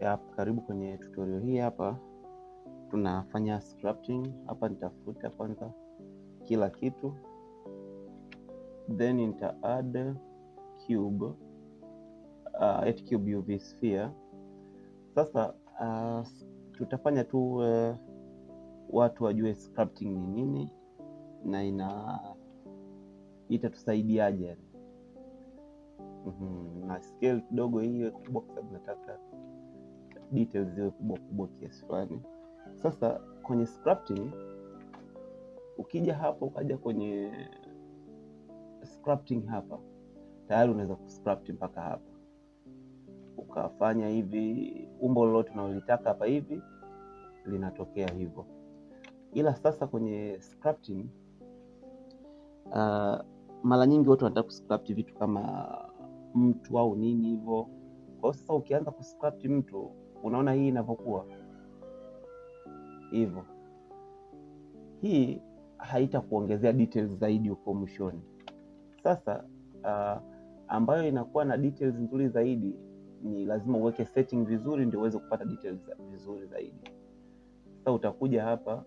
Yep, karibu kwenye tutorial hii. Hapa tunafanya sculpting. Hapa nitafuta kwanza kila kitu then nita add cube, uh, at cube UV sphere. Sasa uh, tutafanya tu uh, watu wajue sculpting ni nini na ina itatusaidiaje. mm -hmm. na scale kidogo iwe kubwa kwa sababu nataka details ziwe kubwa kubwa kiasi fulani. Sasa kwenye sculpting, ukija hapa ukaja kwenye sculpting hapa tayari unaweza kusculpt mpaka hapa ukafanya hivi umbo lolote unalolitaka hapa hivi linatokea hivyo, ila sasa kwenye sculpting uh, mara nyingi watu wanataka kusculpt vitu kama mtu au nini hivyo. Kwa hiyo sasa ukianza kusculpt mtu Unaona hii inavyokuwa hivyo, hii haitakuongezea details zaidi huko mwishoni. Sasa uh, ambayo inakuwa na details nzuri zaidi ni lazima uweke setting vizuri, ndio uweze kupata details vizuri zaidi. Sasa utakuja hapa,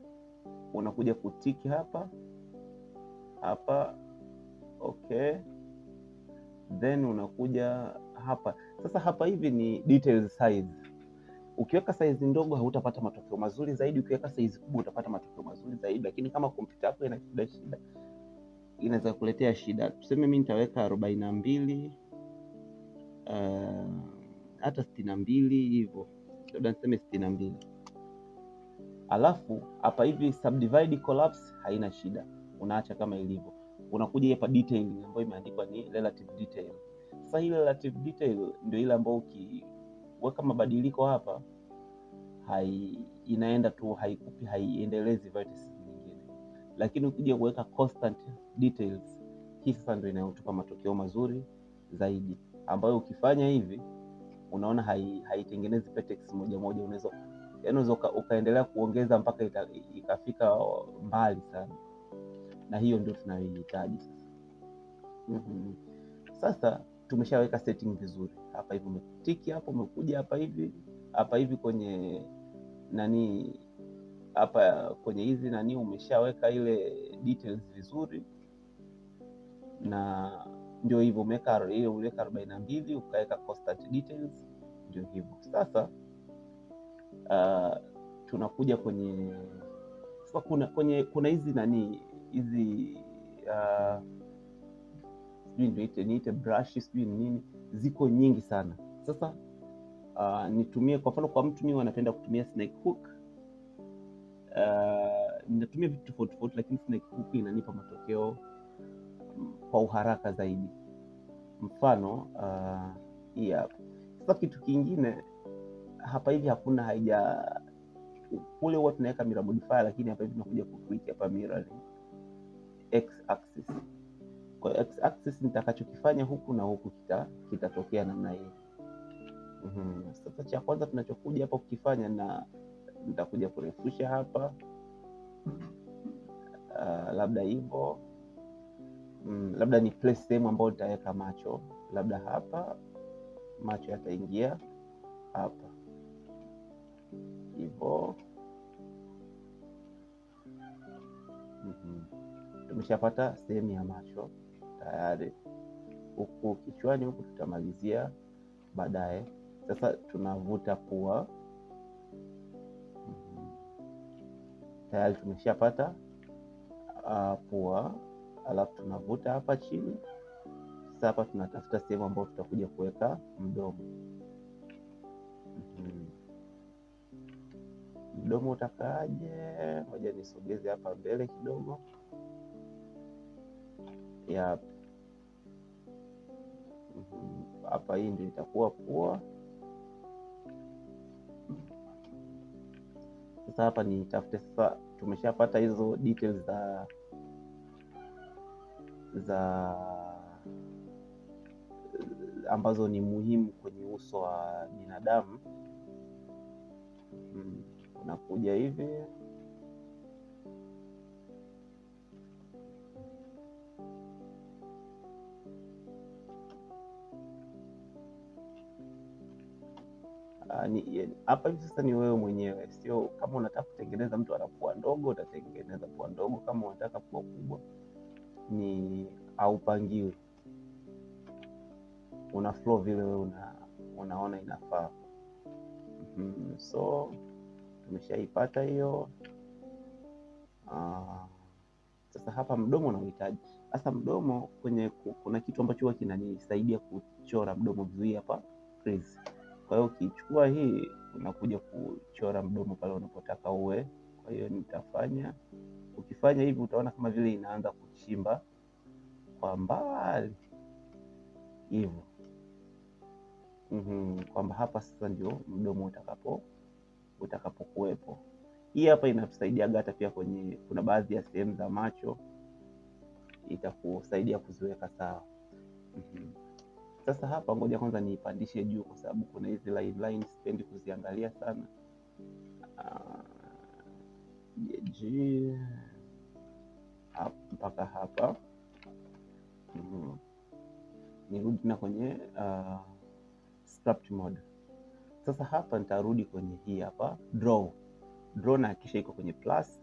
unakuja kutiki hapa hapa, okay, then unakuja hapa sasa. Hapa hivi ni details size Ukiweka saizi ndogo hautapata matokeo mazuri zaidi, ukiweka saizi kubwa utapata matokeo mazuri zaidi, lakini kama kompyuta yako ina shida shida inaweza kuletea shida. Tuseme mimi nitaweka arobaini na mbili eh, hata uh, sitini na mbili hivyo, labda niseme sitini na mbili alafu hapa hivi subdivide collapse haina shida, unaacha kama ilivyo. Unakuja hapa detailing ambayo imeandikwa ni relative detail. Sasa hii relative detail ndio ile ambayo kuweka mabadiliko hapa hai, inaenda tu haikupi haiendelezi vertices nyingine, lakini ukija kuweka constant details, hii sasa ndio inayotupa matokeo mazuri zaidi, ambayo ukifanya hivi unaona haitengenezi hai vertex moja moja, unaweza yani unaweza ukaendelea kuongeza mpaka ita, ikafika mbali sana, na hiyo ndio tunayohitaji sasa. mm -hmm. Sasa tumeshaweka setting vizuri hapa hivi umetiki hapa, umekuja hapa hivi hapa hivi kwenye nani hapa kwenye hizi nani, umeshaweka ile details vizuri, na ndio hivyo umeweka ile uliweka arobaini na mbili ukaweka constant details, ndio hivyo sasa. Uh, tunakuja kwenye sasa, kuna kwenye kuna hizi nani hizi ah, sijui uh, niite niite brush sijui nini ziko nyingi sana. Sasa uh, nitumie kwa mfano, kwa mtu mimi wanapenda kutumia snake hook uh, ninatumia vitu tofauti tofauti, lakini snake hook inanipa matokeo kwa uharaka zaidi. Mfano uh, hii sasa. Kitu kingine hapa hivi hakuna haija kule huwa tunaweka mira modifier, lakini hapa hivi nakuja kutuiki hapa mira x axis kwa nitakachokifanya huku na huku kitatokea kita namna hii. mm -hmm. Sasa cha kwanza tunachokuja hapa kukifanya, na nitakuja kurefusha hapa uh, labda hivyo mm, labda ni place sehemu ambayo nitaweka macho, labda hapa macho yataingia hapa hivyo. mm -hmm. Tumeshapata sehemu ya macho tayari huku kichwani, huku tutamalizia baadaye. Sasa tunavuta pua. Mhm. Tayari tumeshapata uh, pua, alafu tunavuta hapa chini. Sasa hapa tunatafuta sehemu ambayo tutakuja kuweka mdomo. Mm-hmm. Mdomo utakaaje? moja nisogeze hapa mbele kidogo, yap hapa, hii ndio itakuwa pua. Sasa hapa ni tafute sasa, tumeshapata hizo details za za ambazo ni muhimu kwenye uso wa binadamu. Hmm, unakuja hivi Ah, hapa hivi sasa ni wewe mwenyewe, sio kama unataka kutengeneza mtu ana pua ndogo utatengeneza pua ndogo, kama unataka pua kubwa ni haupangiwi, una flow vile wewe una, unaona inafaa. mm -hmm. So tumeshaipata hiyo uh, sasa hapa mdomo unauhitaji sasa. Mdomo kwenye kuna kitu ambacho huwa kinanisaidia kuchora mdomo vizuri hapa kwa hiyo ukichukua hii unakuja kuchora mdomo pale unapotaka uwe. Kwa hiyo nitafanya, ukifanya hivi utaona kama vile inaanza kuchimba kwa mbali hivyo mm-hmm, kwamba hapa sasa ndio mdomo utakapo utakapokuwepo. Hii hapa inatusaidiaga hata pia kwenye, kuna baadhi ya sehemu za macho itakusaidia kuziweka sawa. mm-hmm. Sasa hapa ngoja kwanza niipandishe juu, kwa sababu kuna hizi line line sipendi kuziangalia sana. Ah, Je, mpaka hapa mm. Nirudi tena kwenye uh, sculpt mode. Sasa hapa nitarudi kwenye hii hapa draw draw, na hakisha iko kwenye plus,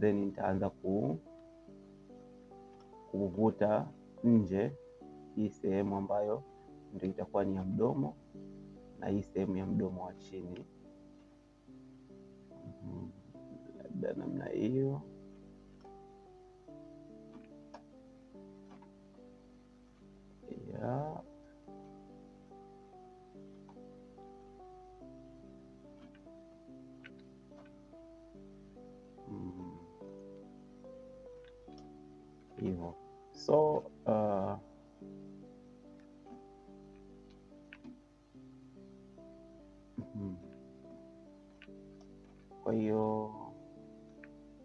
then nitaanza ku kuvuta nje hii sehemu ambayo ndio itakuwa ni ya mdomo na hii sehemu ya mdomo wa chini, mhm. labda namna hiyo. Yeah. Mm. so uh, kwa hiyo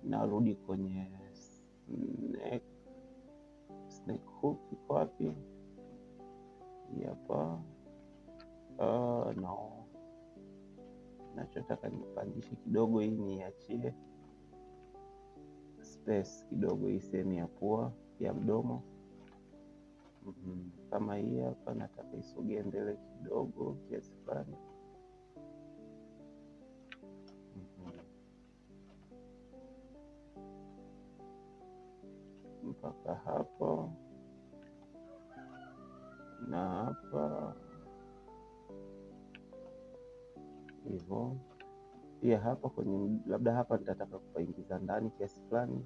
narudi kwenye snake, snake hook iko wapi? Hapa uh, no, nachotaka nipandishe kidogo, hii niachie space kidogo, hii sehemu ya pua ya mdomo Mm-hmm. Kama hii hapa nataka isogee mbele kidogo kiasi fulani mm-hmm. mpaka hapo na hapa hivyo pia hapa kwenye labda hapa nitataka kupaingiza ndani kiasi fulani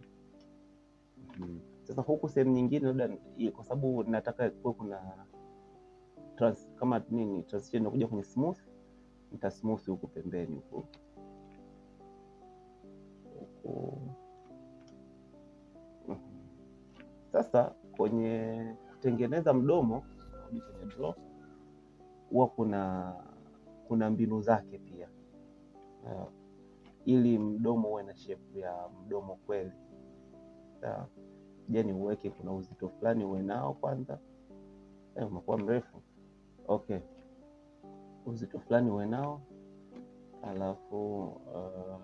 mm -hmm. Sasa huku sehemu nyingine labda kwa sababu nataka kuwe kuna trans, kama nini transition inakuja kwenye smooth, nita smooth huku pembeni huku huku. Mhm. Sasa kwenye kutengeneza mdomo kwenye draw huwa kuna kuna mbinu zake pia uh, ili mdomo uwe na shape ya mdomo kweli sawa jeni uweke, kuna uzito fulani uwe nao kwanza. Eh, umekuwa mrefu okay, uzito fulani uwe nao alafu uh,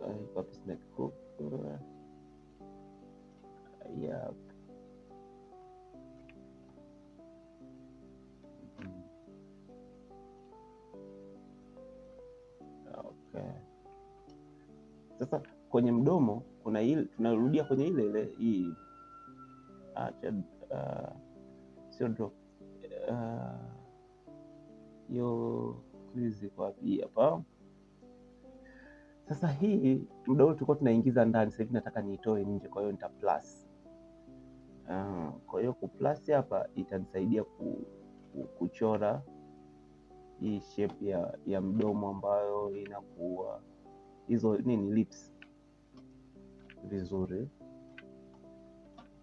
uh, yeah. Mm. Okay. Sasa kwenye mdomo kuna ile tunarudia kwenye ile ile hii acha ah, uh, ah, sio drop ah, hiyo uh, hii hapa sasa. Hii mdomo tulikuwa tunaingiza ndani, sasa hivi nataka niitoe nje, kwa hiyo nita plus uh, kwa hiyo ku plus hapa itanisaidia ku, ku, kuchora hii shape ya, ya mdomo ambayo inakuwa hizo nini lips vizuri,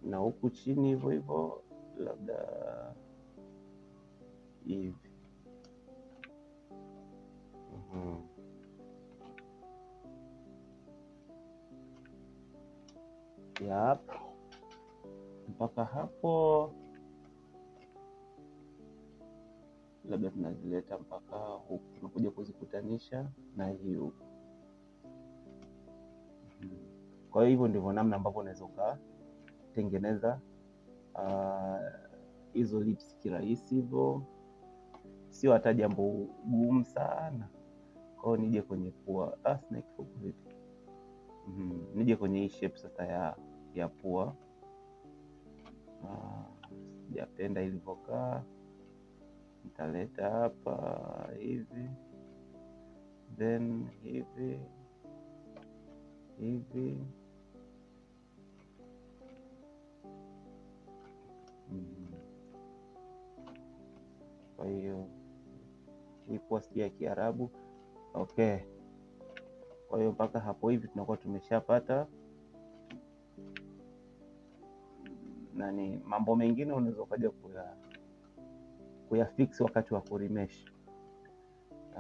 na huku chini hivyo hivyo, labda hivi mm-hmm. Mpaka hapo labda tunazileta mpaka huku, tunakuja kuzikutanisha na hii huku Kwa hiyo hivyo ndivyo namna ambavyo unaweza ukatengeneza uh, hizo uh, lips kirahisi hivyo, sio hata jambo gumu sana. Kwa hiyo nije kwenye pua ah, mm -hmm. nije kwenye hii shape sasa ya, ya pua ah, sijapenda uh, ilivyokaa. Nitaleta hapa hivi then hivi hivi Kwa hiyo hii kuwa ya Kiarabu. Okay, kwa hiyo mpaka hapo hivi tunakuwa tumeshapata nani. Mambo mengine unaweza ukaja kuya kuyafix wakati wa kurimesh.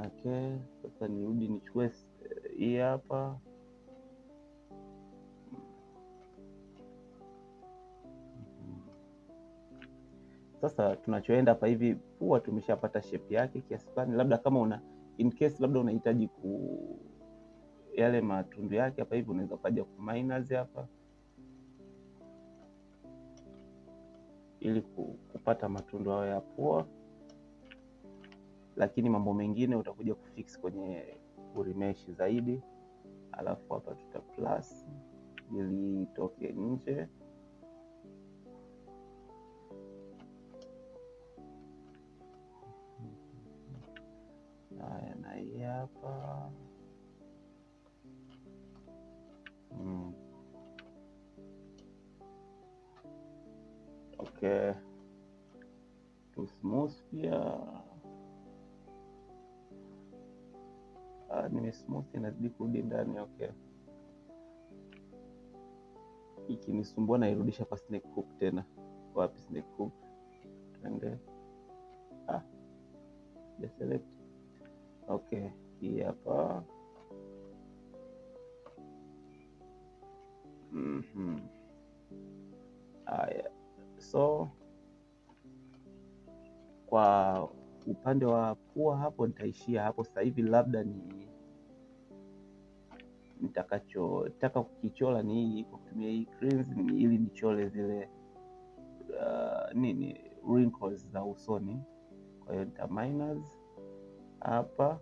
Okay, sasa nirudi nichukue eh, hii hapa. Sasa tunachoenda hapa hivi, huwa tumeshapata shape yake kiasi fulani, labda kama una in case labda unahitaji ku yale matundu yake hapa hivi, unaweza ukaja ku miners hapa ili kupata matundu hayo ya pua, lakini mambo mengine utakuja kufix kwenye kurimeshi zaidi. Alafu hapa tuta plus ili itoke nje. hapa mm. Okay, tusmooth pia ah, nimesmooth, inazidi kurudi ndani. Okay, ikinisumbua nairudisha pa snake hook tena. Wapi snake hook? Tuende ah, deselect. Okay hii hapa mm -hmm. so kwa upande wa pua hapo nitaishia hapo sasa hivi. Labda ni nitakachotaka kukichola ni hii kwa kutumia hii creams, ili nichole zile uh, nini wrinkles za usoni. Kwa hiyo nita minus hapa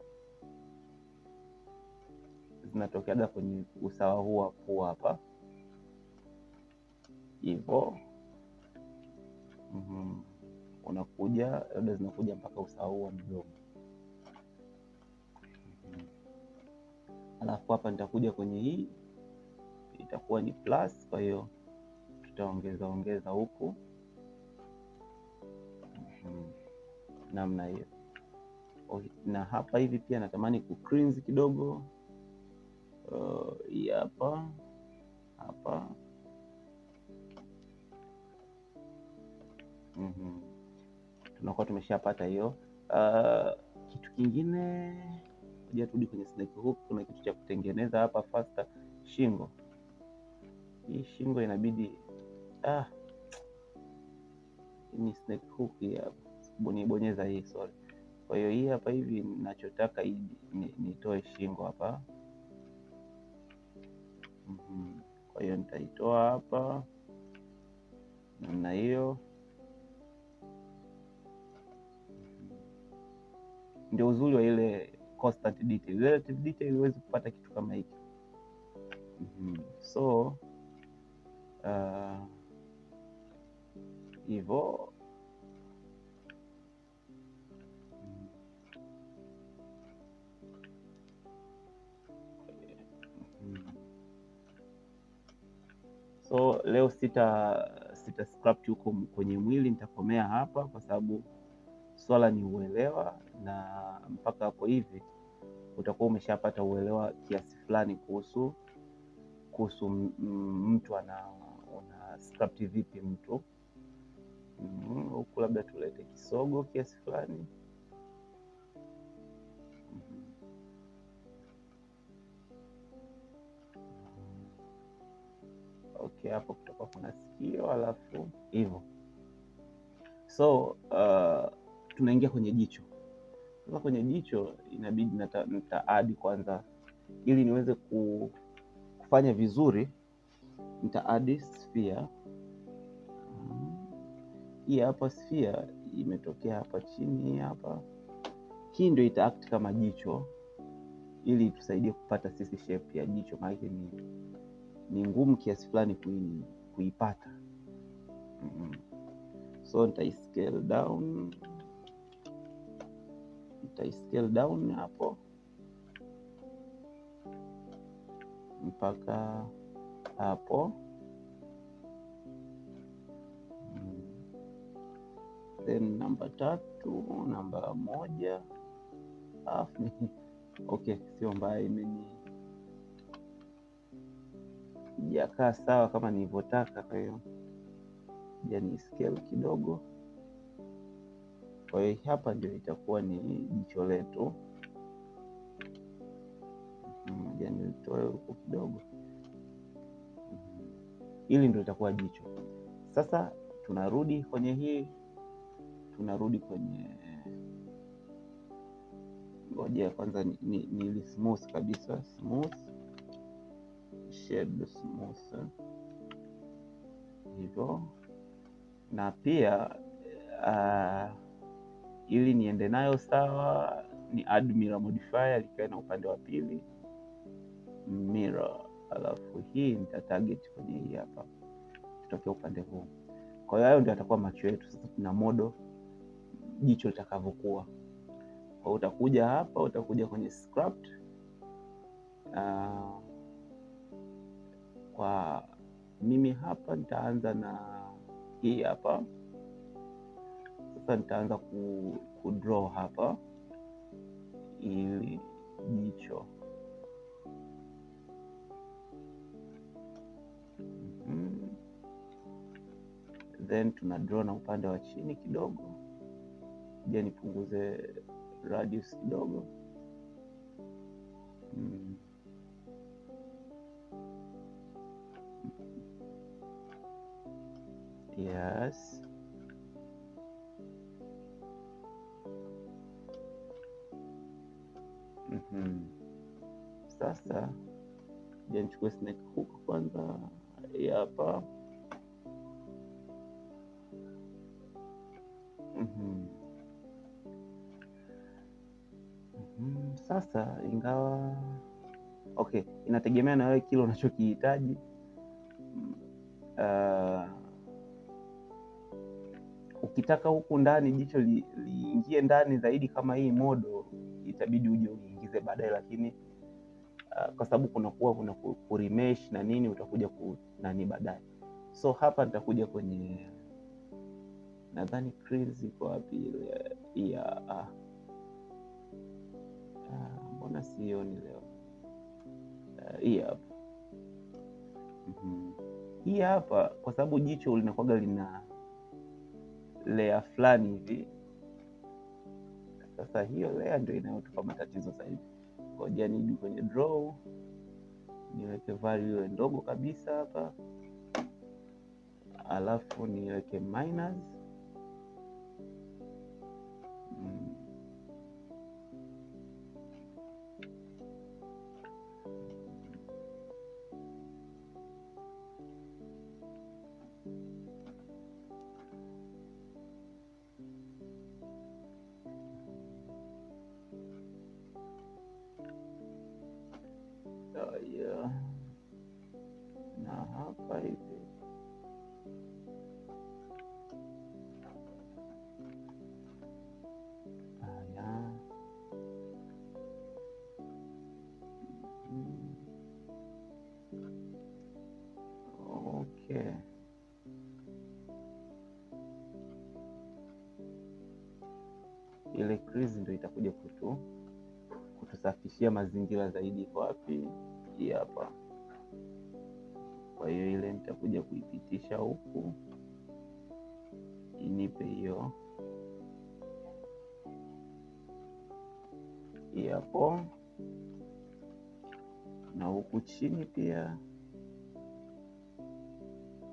tunatokeaga kwenye usawa huu wa pua hapa hivo. mm -hmm. Unakuja labda zinakuja mpaka usawa huu wa mdomo. Mhm. Alafu hapa nitakuja kwenye hii itakuwa ni plus, kwa hiyo tutaongeza ongeza huku -hmm. namna hiyo na hapa hivi pia natamani ku cleanse kidogo hii uh, hapa hapa mm -hmm. Tunakuwa tumeshapata hiyo uh, kitu kingine ja, turudi kwenye snake hook. Kuna kitu cha kutengeneza hapa faster, shingo hii shingo inabidi ah, ni snake hook bonibonyeza hii sorry. Kwa oh, hiyo hii hapa hivi nachotaka hii nitoe shingo hapa kwa hiyo nitaitoa hapa namna hiyo. Ndio uzuri wa ile constant detail. Relative detail huwezi kupata kitu kama hiki. Mhm. So uh, So leo sita sita scrap huko kwenye mwili, nitakomea hapa kwa sababu swala ni uelewa, na mpaka hapo hivi utakuwa umeshapata uelewa kiasi fulani kuhusu kuhusu mtu ana una scrap vipi mtu mm, huku. Mm, labda tulete kisogo kiasi fulani. okay, hapo kutoka kuna sikio alafu hivyo. So uh, tunaingia kwenye jicho sasa. Kwenye jicho inabidi nita, nita kwanza, ili niweze kufanya vizuri, nita sphere hii hapa. Sphere imetokea hapa chini hapa, hii ndio ita kama jicho, ili tusaidie kupata sisi shape ya jicho maana ni ni ngumu kiasi fulani kui, kuipata mm -hmm. So nitaiscale down, nitaiscale down hapo mpaka hapo mm-hmm. then namba tatu, namba moja, alafu okay, sio mbaya imeni sijakaa sawa kama nilivyotaka, kwa hiyo scale kidogo. Kwa hiyo hapa ndio itakuwa ni jicho letu, janitoe huku kidogo, hili ndio itakuwa jicho. Sasa tunarudi kwenye hii, tunarudi kwenye ngoja kwanza ni, ni, ni smooth kabisa smooth shade hivyo, na pia uh, ili niende nayo sawa, ni add mirror modifier likae na upande wa pili mirror, alafu hii nitatarget kwenye hii hapa, tutokea upande huu. Kwa hiyo hayo ndio atakuwa macho yetu. Sasa tuna modo jicho litakavyokuwa. Kwa utakuja hapa, utakuja kwenye sculpt uh, kwa mimi hapa nitaanza na hii hapa sasa. Nitaanza ku, ku draw hapa ili jicho mm -hmm. Then tuna draw na upande wa chini kidogo. Je, nipunguze radius kidogo mm. Yes. mm -hmm. Sasa je, nichukue snake hook kwanza. Hii hapa mhm. Mhm. Sasa ingawa okay, inategemea na wewe kile unachokihitaji uh... Mm, ah, ukitaka huku ndani jicho liingie li ndani zaidi kama hii modo, itabidi uje uingize baadaye, lakini uh, kwa sababu kunakuwa kuna kurimesh na nini, utakuja ku nani baadaye. So hapa nitakuja kwenye nadhani crease iko wapi ile ya ah, ah mbona sioni leo ah, hii uh, hapa mm -hmm. hii hapa kwa sababu jicho linakwaga lina layer fulani hivi. Sasa hiyo layer ndio inayotupa matatizo zaidi. Ngoja niji kwenye draw niweke value ndogo kabisa hapa, alafu niweke minus kuwarahisishia mazingira zaidi kwa wapi? Hii hapa. Kwa hiyo ile nitakuja kuipitisha huku inipe hiyo hii hapo, na huku chini pia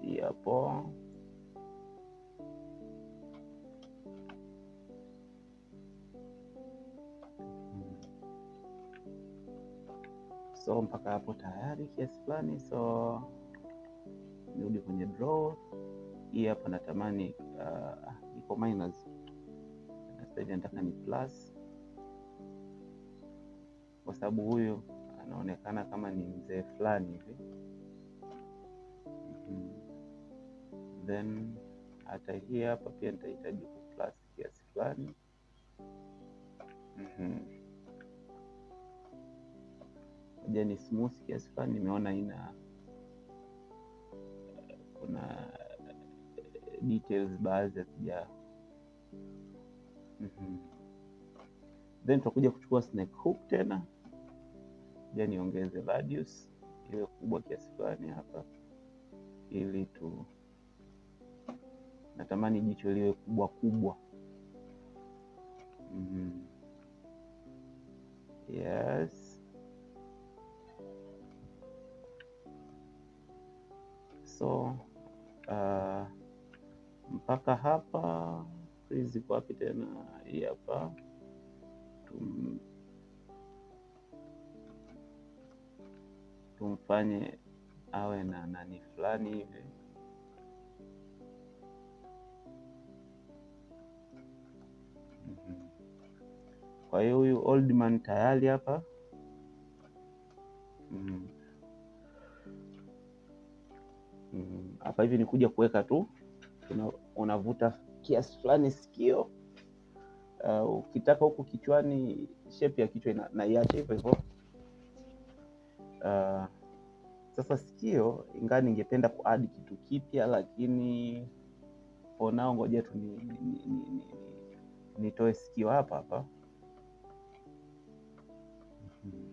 hii hapo so mpaka hapo tayari kiasi fulani. So nirudi kwenye draw hii hapa, natamani uh, iko minus sasa, nataka ni plus, kwa sababu huyu anaonekana kama ni mzee fulani hivi mm-hmm. Then hata hii hapa pia nitahitaji plus kiasi fulani mm -hmm moja ni smooth kiasi fulani, nimeona ina kuna details baadhi hazija mm -hmm. Then tutakuja kuchukua snake hook tena, ja niongeze radius iwe kubwa kiasi fulani hapa, ili tu natamani jicho liwe kubwa kubwa. mm -hmm. Yes. so uh, mpaka hapa hizi ziko wapi tena? Hii hapa Tum, tumfanye awe na nani fulani hivi mm-hmm. kwa hiyo huyu old man tayari hapa mm. Mm-hmm. hapa hivi ni kuja kuweka tu, unavuta kiasi fulani sikio. Uh, ukitaka huku kichwani, shepu ya kichwa naiacha hivyo hivyo. Uh, sasa sikio, ingawa ningependa kuadi kitu kipya, lakini onao ngoja tu nitoe ni, ni, ni, ni sikio hapa hapa mm-hmm.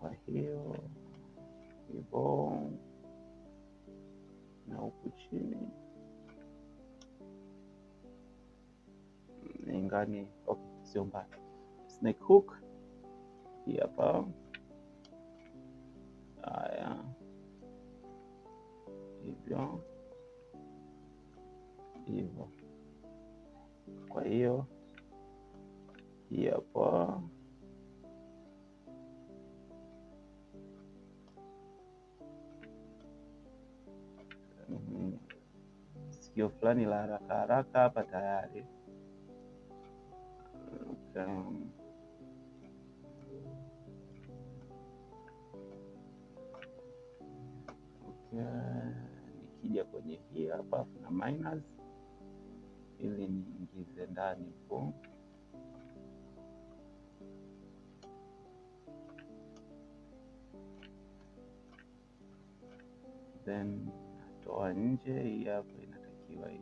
kwa hiyo hivo na huku chini ningani okay, sio mbali. Snake hook hii hapa, haya hivyo hivyo. Kwa hiyo hii hapa tukio fulani la haraka haraka hapa tayari. Okay. Okay. Nikija kwenye hii hapa kuna minus ili niingize ndani po then natoa nje hii hapa ikiwa hii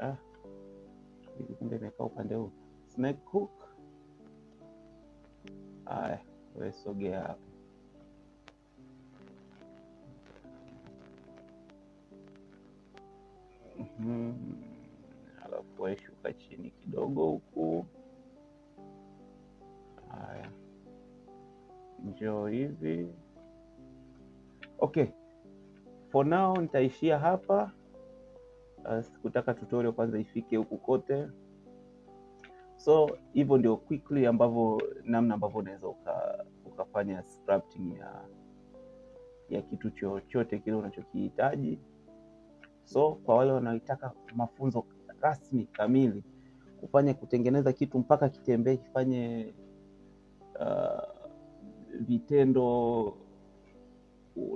ah, kumbe imekaa upande huu snake hook. Aya, wewe sogea hapo. Hmm, alafu waishuka chini kidogo huku. Aya, njoo hivi Okay, for now nitaishia hapa. Uh, sikutaka tutorial kwanza ifike huku kote, so hivyo ndio quickly ambavyo namna ambavyo unaweza uka, ukafanya sculpting ya ya kitu chochote kile unachokihitaji. So kwa wale wanaoitaka mafunzo rasmi kamili kufanya kutengeneza kitu mpaka kitembee kifanye uh, vitendo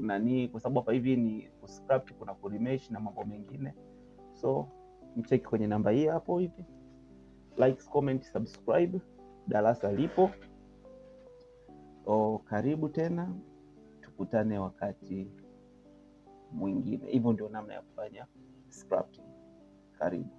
nani, kwa sababu hapa hivi ni kuscrapt, kuna kurimesh na mambo mengine, so mcheki kwenye namba hii hapo hivi. Likes, comment, subscribe, darasa lipo. O, karibu tena, tukutane wakati mwingine. Hivyo ndio namna ya kufanya scrapping. Karibu.